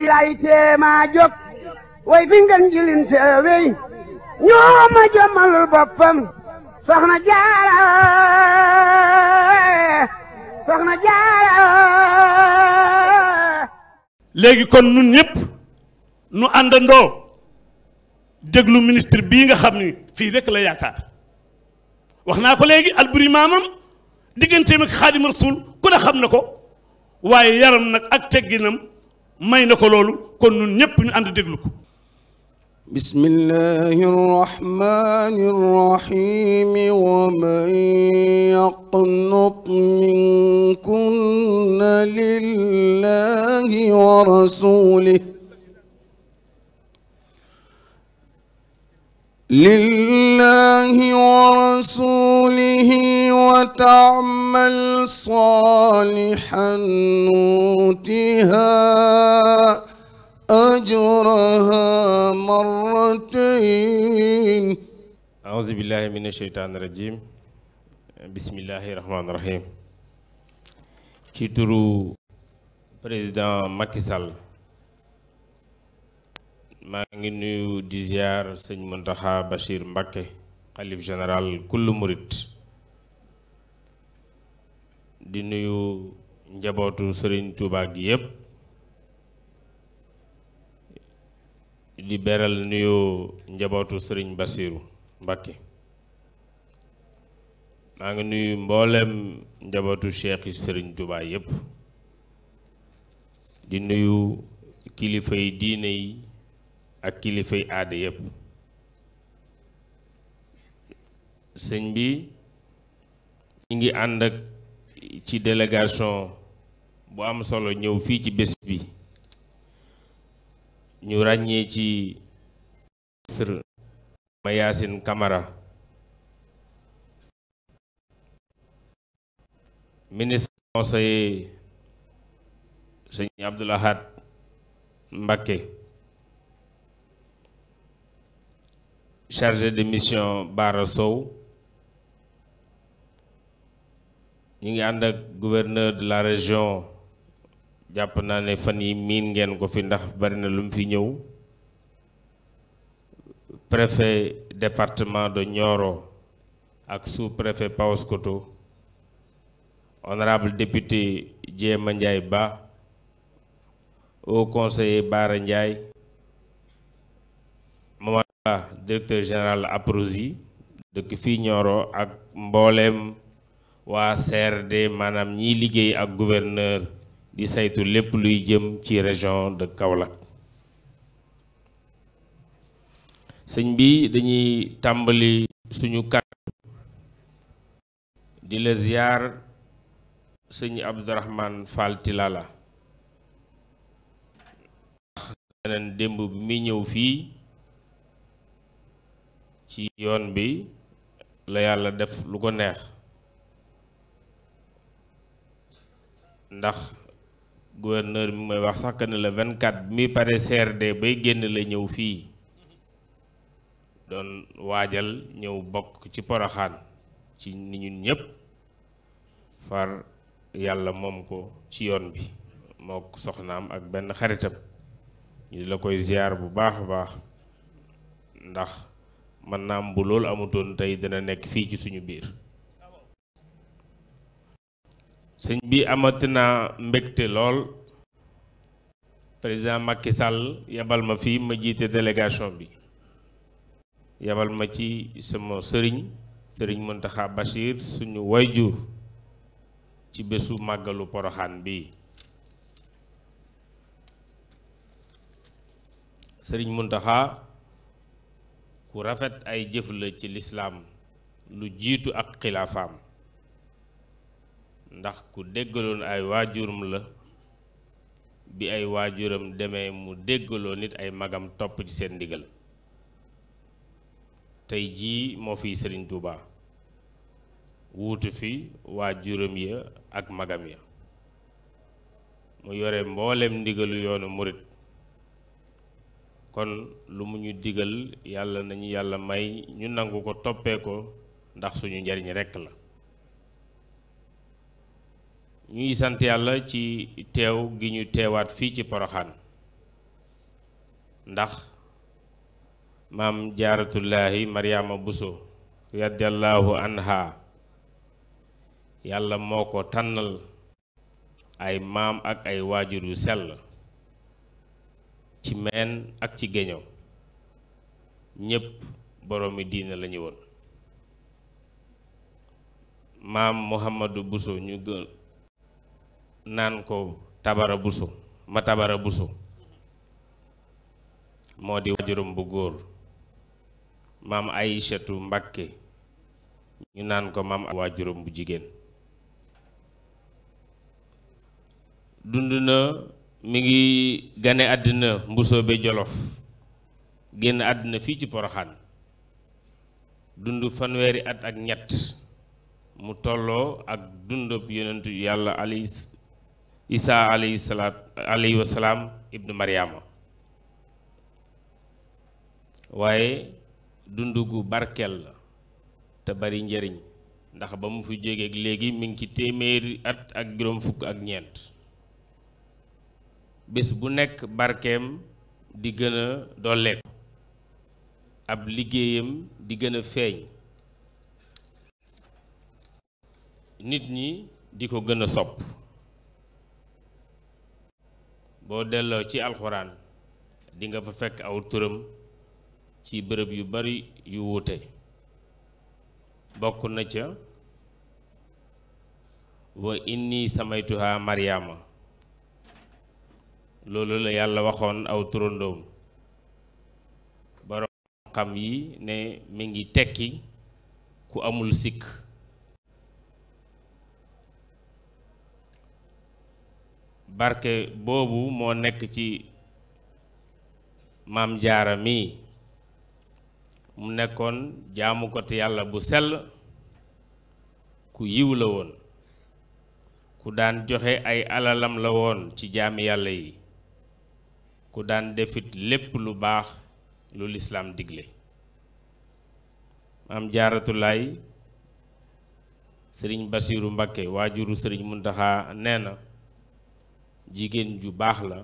lay tee maa jóg way fi ngeen jilin seewey ñoo ma jommalul boppam soxna jaara soxna léegi kon nun ñëpp nu àndandoo déglu ministre bii nga xam ni fii rek la yaakaar wax naa ko léegi Alburi maamam digganteem ak Xaadim Rasuul ku ne xam na ko waaye yaram nag ak tegginam may na ko loolu kon ñun ñépp ñu ànd déglu ko bismillahi arrahmani arrahim wa man yaqnut minkunna lillahi wa rasulih لله ورسوله وتعمل صالحا نوتها أجرها مرتين أعوذ بالله من الشيطان الرجيم بسم الله الرحمن الرحيم ci turu président Macky Sall maa ngi nuyu di ziar sëñ Muntaxa Bachir Mbakke xalif général kullu murit di nuyu njabootu sëriñ Tuubaa gi yépp di beral nuyu njabootu sëriñ Basiru Mbakke maa ngi nuyu mboolem njabootu cheikh sëriñ Tuubaa yépp di nuyu kilifa yi diine yi ak kilifay aada yépp sëñ bi ñu ngi ànd ak ci délégation bu am solo ñëw fii ci bés bi ñu ràññee ci ministre Mayacine Camara ministre conseiller sëñ Abdoul Ahad Mbacké chargé de mission Bara Sow ñu ngi ànd ak gouverneur de la région jàpp naa ne fan yi miin ngeen ko fi ndax bari na lu mu fi ñëw préfet département de Nioro ak sous-préfet Paoskoto honorable député Diema Ndiaye Ba haut conseiller Bara Ndiaye directeur général APROSI dëkk fii Nioro ak mboolem waa CRD maanaam ñiy liggéey ak gouverneur di saytu lépp luy jëm ci région de Kaolack sëñ bi dañuy tàmbali suñu kàddu di la ziar sëñ Abdourahman Fall Tilala. beneen démb bi ñëw fii ci yoon bi la yàlla def lu ko neex ndax gouverneur bi mooy wax sax que ne le 24 bi muy pare CRD bay génn la ñëw fii doon waajal ñëw bokk ci poroxaan ci ni ñun ñëpp far yàlla moom ko ci yoon bi moo ko soxnaam ak benn xaritam ñu la koy ziar bu baax a baax ndax man naam bu loolu amutoon tey dina nekk fii ci suñu biir sëñ bi amati naa mbégte lool président Macky Sall yabal ma fii ma jiite délégation bi yabal ma ci sama sëriñ sëriñ Mountakha Bachir suñu wayjur ci bésu màggalu poroxaan bi sëriñ Mountakha ku rafet ay jëf la ci lislaam lu jiitu ak xilaafaam ndax ku déggaloon ay waajuram la bi ay waajuram demee mu déggaloo nit ay magam topp ci seen ndigal tey jii moo fiy sëriñ Touba wuutu fi waajuram ya ak magam ya mu yore mboolem ndigalu yoonu murit kon lu mu ñu digal yàlla nañu yàlla may ñu nangu ko toppee ko ndax suñu njariñ rekk la ñuy sant yàlla ci teew gi ñu teewaat fii ci poroxaan ndax maam jaaratullaahi maryaama buso radiyallaahu anha yàlla moo ko tànnal ay maam ak ay waajur yu sell ci meen ak ci géño ñépp boroomi diine lañu woon maam Mouhamadou Bousso ñu gën naan ko Tabara Bousso ma Tabara Bousso moo di waajuram bu góor maam Aïchatu Mbakke ñu naan ko maam waajuram bu jigéen dund na mi ngi gane àddina Mbusoobe Jolof génn àddina fii ci Poroxaan dund fanweeri at ak ñett mu tolloo ak dundub yonentu yàlla alayhi Isaa alayhi salaat ibnu Mariama waaye dund gu barkeel la te bari njëriñ ndax ba mu fi jógeek léegi mi ngi ci téeméeri at ak juróom fukk ak ñeent bés bu nekk barkeem di gën a dolleeku ab liggéeyam di gën a feeñ nit ñi di ko gën a sopp boo delloo ci alxuraan dinga nga fa fekk aw turam ci bërëb yu bari yu wuute bokk na ca wa inni samaytuha maryaama loolu la yàlla waxoon aw turandoom borom xam yi ne mi ngi tekki ku amul sikk barke boobu moo nekk ci maam jaara mi mu nekkoon jaamu jaamukot yàlla bu sell ku yiw la woon ku daan joxe ay alalam la woon ci jaami yàlla yi ku daan defit lépp lu baax lu lislaam digle maam jaaratulaay sëriñ basiiru mbakke waajuru sëriñ muntaxa nee na jigéen ju baax la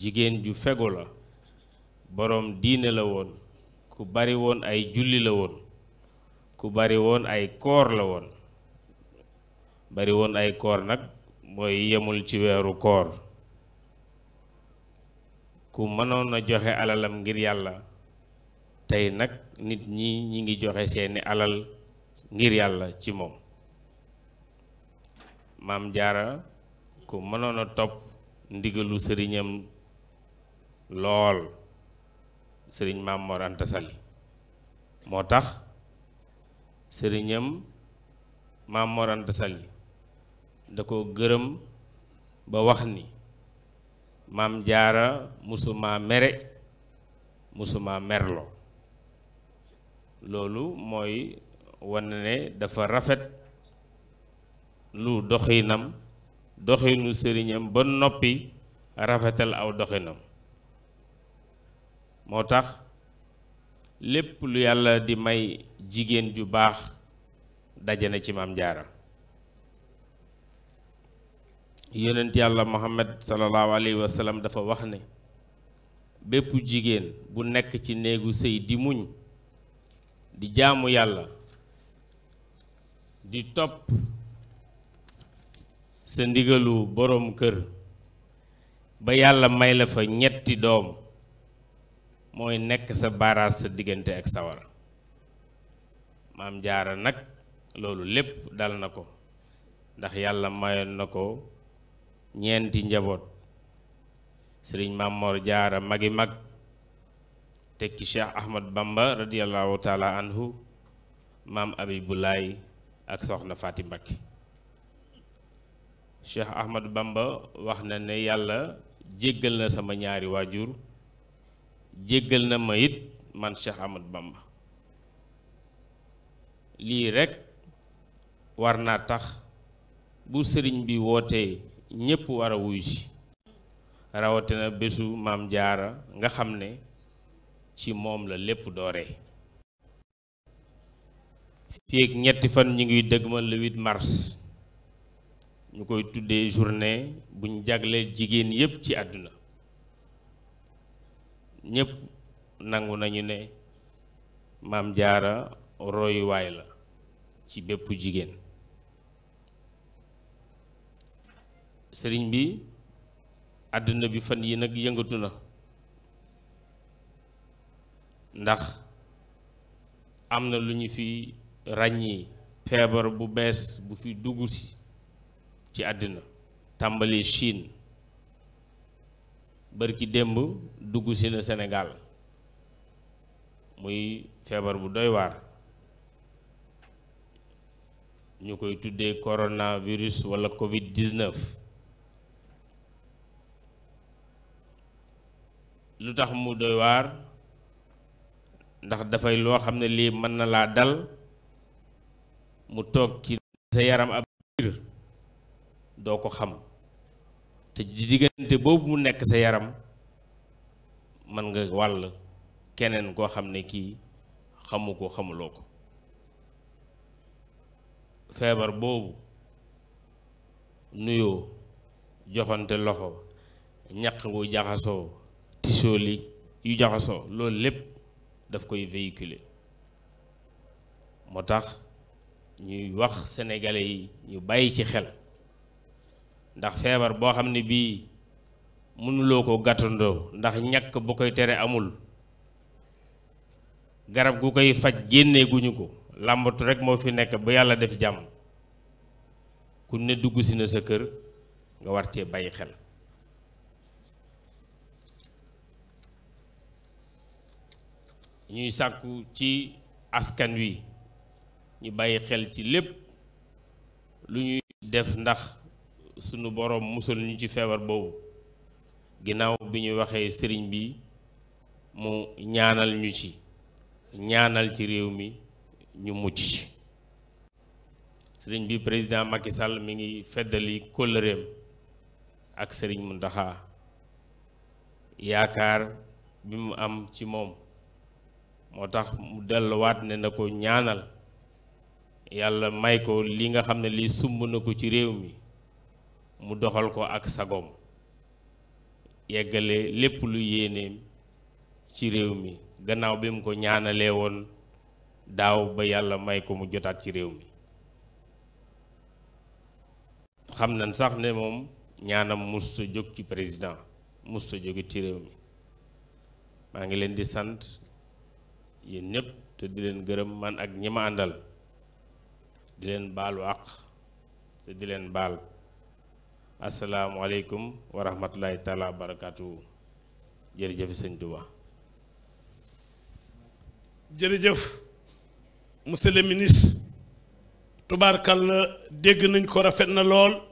jigéen ju fegu la boroom diine la woon ku bari woon ay julli la woon ku bari woon ay koor la woon bari woon ay koor nag mooy yemul ci weeru koor ku mënoon a joxe alalam ngir yàlla tey nag nit ñi ñu ngi joxe seeni alal ngir yàlla ci moom maam jaara ku mënoon a topp ndigalu sëriñam lool sëriñ maam Mor moo tax sëriñam maam Mor da ko gërëm ba wax ni maam jaara musuma mere musuma merlo loolu mooy wane ne dafa rafet lu doxinam doxinu sëriñam ba noppi rafetal aw doxinam moo tax lépp lu yàlla di may jigéen ju baax daje ci maam jaara yonent yàlla muhammad sallallahu alayhi wa dafa wax ne bépp jigéen bu nekk ci néegu sëy di muñ di jaamu yàlla di topp sa ndigalu boroom kër ba yàlla may la fa ñetti doom mooy nekk sa baaraas sa diggante ak sawara maam jaara nag loolu lépp dal na ko ndax yàlla mayoon na ko ñeenti njaboot sëriñ Mamor Jaara magi mag teg ci Cheikh Ahmad Bamba radiallahu taala anhu maam Abibulaay ak soxna Faati Mbakke Cheikh Ahmad Bamba wax na ne yàlla jéggal na sama ñaari waajur jéggal na ma it man Cheikh Ahmad Bamba lii rekk war naa tax bu sëriñ bi wootee ñépp war a rawatina bésu maam jaara nga xam ne ci moom la lépp dooree fii ak ñetti fan ñu ngi dëgmal le 8 mars ñu koy tuddee journée buñ jagleel jigéen yépp ci àdduna ñépp nangu nañu ne maam jaara royuwaay la ci bépp jigéen sëriñ bi àdduna bi fan yi nag yëngatu na ndax am na lu ñu fi ràññi feebar bu bees bu fi dugg si ci àdduna tàmbali bër bërki démb dugg si na Sénégal muy feebar bu doy waar ñu koy tuddee coronavirus wala covid 19 lu tax mu doy waar ndax dafay loo xam ne lii mën na laa dal mu toog ci sa yaram ab biir doo ko xam te diggante boobu mu nekk sa yaram mën nga wàll keneen koo xam ne kii xamu ko xamuloo ko feebar boobu nuyoo joxante loxo ñaq wu jaxasoo tisoo li yu jaxasoo loolu lépp daf koy véhiculer moo tax ñuy wax senegale yi ñu bàyyi ci xel ndax feebar boo xam ne bii mënuloo ko gàttandoo ndax ñàkk bu koy tere amul garab gu koy faj génnee guñu ko làmbatu rek moo fi nekk ba yàlla def jàmm ku ne dugg si na sa kër nga war cee bàyyi xel ñuy sàkku ci askan wi ñu bàyyi xel ci lépp lu ñuy def ndax sunu boroom musul ñu ci feebar boobu ginnaaw bi ñu waxee sëriñ bi mu ñaanal ñu ci ñaanal ci réew mi ñu mucc sëriñ bi président Macky Sall mi ngi feddali kóllëreem ak sëriñ Mountakha yaakaar bi mu am ci moom moo tax mu delluwaat ne na ko ñaanal yàlla may ko li nga xam ne lii sumb na ko ci réew mi mu doxal ko ak sagoom yeggale lépp lu yéeneem ci réew mi gannaaw bi mu ko ñaanalee woon daaw ba yàlla may ko mu jotaat ci réew mi xam nañ sax ne moom ñaanam musta jóg ci président musta jóge ci réew mi maa ngi leen di sant yéen ñëpp te di leen gërëm man ak ñi ma àndal di leen baalu àq te di leen baal asalaamualeykum wa rahmatulahi taala wa barakaatu jërëjëf sëñ Touba. jërëjëf monsieur le ministre tubaarkal dégg nañ ko rafet na lool.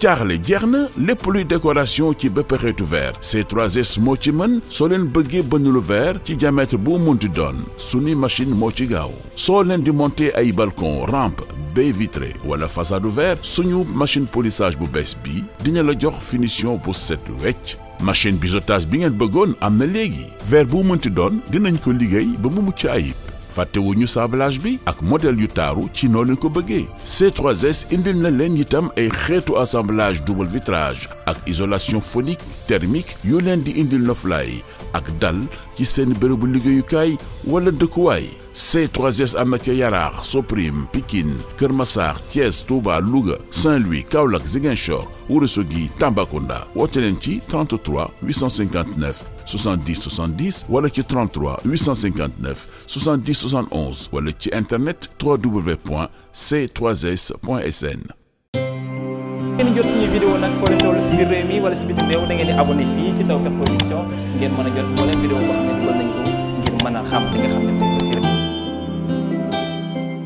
jaaxle jeex na lépp luy décoration ci bépp xeetu verre C3S moo ci mën soo leen bëggee bënn lu verre ci diamètre bu munti doon suñu machine moo ci gaaw soo leen di monter ay balcon ramp baie vitrée wala façade verre suñu machine polissage bu bees bi dina la jox finition bu set wecc machine biseautage bi ngeen bëggoon am na léegi ver bu munti doon dinañ ko liggéey ba mu mucc ayib fàttewuñu sablage bi ak modèle yu taaru ci noonu ñu ko bëggee C3S indil na leen itam ay xeetu assemblage double vitrage ak isolation phonique thermique yu leen di indil noflaay ak dal ci seen bërëbu liggéeyukaay wala dëkkuwaay C3S am na ca Yaraax Soprim Pikine Kër Massar Thiès Touba Louga Saint-Louis Kaolack Ziguinchor Ourossogui Tambacounda woote leen ci 33 859 70 70 wala ci 33 859 70 71 wala ci internet www.c3s.sn. ngeen jot suñu vidéo nag foo leen toll si biir réew mi wala si bitim réew da ngeen di abonné fii si Tawfekh Production ngeen mën a jot moo vidéo boo xam ne dugal nañ ko a xam li nga xam